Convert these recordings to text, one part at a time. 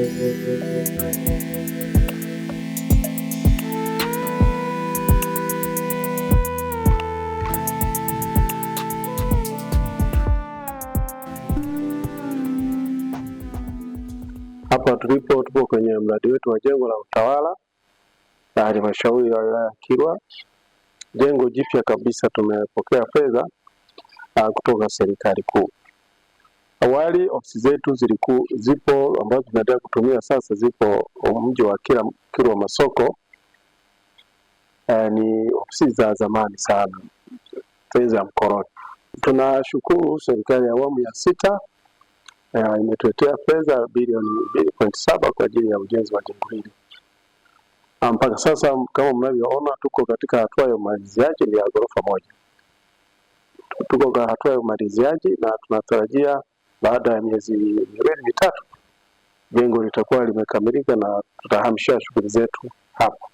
Hapa tulipo tupo kwenye mradi wetu wa jengo la utawala la halmashauri ya wilaya ya Kilwa, jengo jipya kabisa. Tumepokea fedha ah, kutoka serikali kuu. Awali ofisi zetu ziliku, zipo ambazo tunataka kutumia sasa, zipo mji wa kila Kilwa Masoko. Uh, ni ofisi za zamani sana za mkoroni. Tunashukuru serikali ya awamu ya sita uh, imetuletea fedha bilioni mbili pointi saba kwa ajili ya ujenzi wa jengo hili. Mpaka sasa kama mnavyoona, tuko katika hatua ya umaliziaji ya ghorofa moja, tuko katika hatua ya umaliziaji na tunatarajia baada ya miezi miwili mitatu jengo litakuwa limekamilika na tutahamishia shughuli zetu hapa.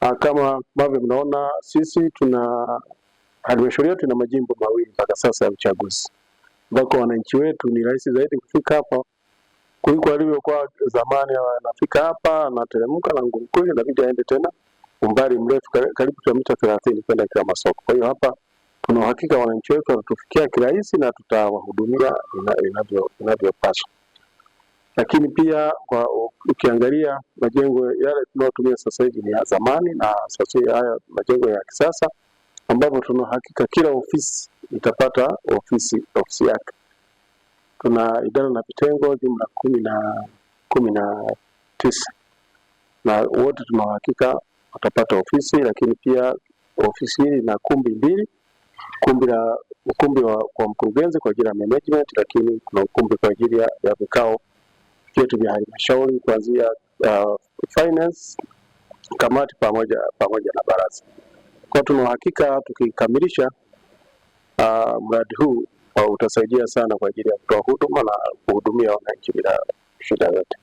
Ah, kama ambavyo mnaona sisi tuna halmashauri yetu ina majimbo mawili mpaka sasa ya uchaguzi, ambako wananchi wetu ni rahisi zaidi kufika hapa kuliko alivyokuwa zamani. Anafika hapa anateremka na Ngulukule, inabidi aende tena umbali mrefu karibu kilomita thelathini kwenda kila masoko. Kwa hiyo hapa tuna uhakika wananchi wetu watatufikia kirahisi na tutawahudumia inavyopaswa. Lakini pia kwa ukiangalia majengo yale tunayotumia sasa hivi ni ya zamani, na sasa haya majengo ya kisasa ambapo tunahakika kila ofisi itapata ofisi ofisi yake. Tuna idara na vitengo jumla kumi na kumi na tisa na wote tunahakika watapata ofisi, lakini pia ofisi hili na kumbi mbili kumbi la ukumbi wa kwa mkurugenzi kwa ajili ya management, lakini kuna ukumbi kwa ajili ya vikao vyetu vya halmashauri kuanzia uh, finance kamati pamoja pamoja na baraza. Kwa tuna uhakika tukikamilisha uh, mradi huu uh, utasaidia sana kwa ajili ya kutoa huduma na kuhudumia wananchi bila shida yoyote.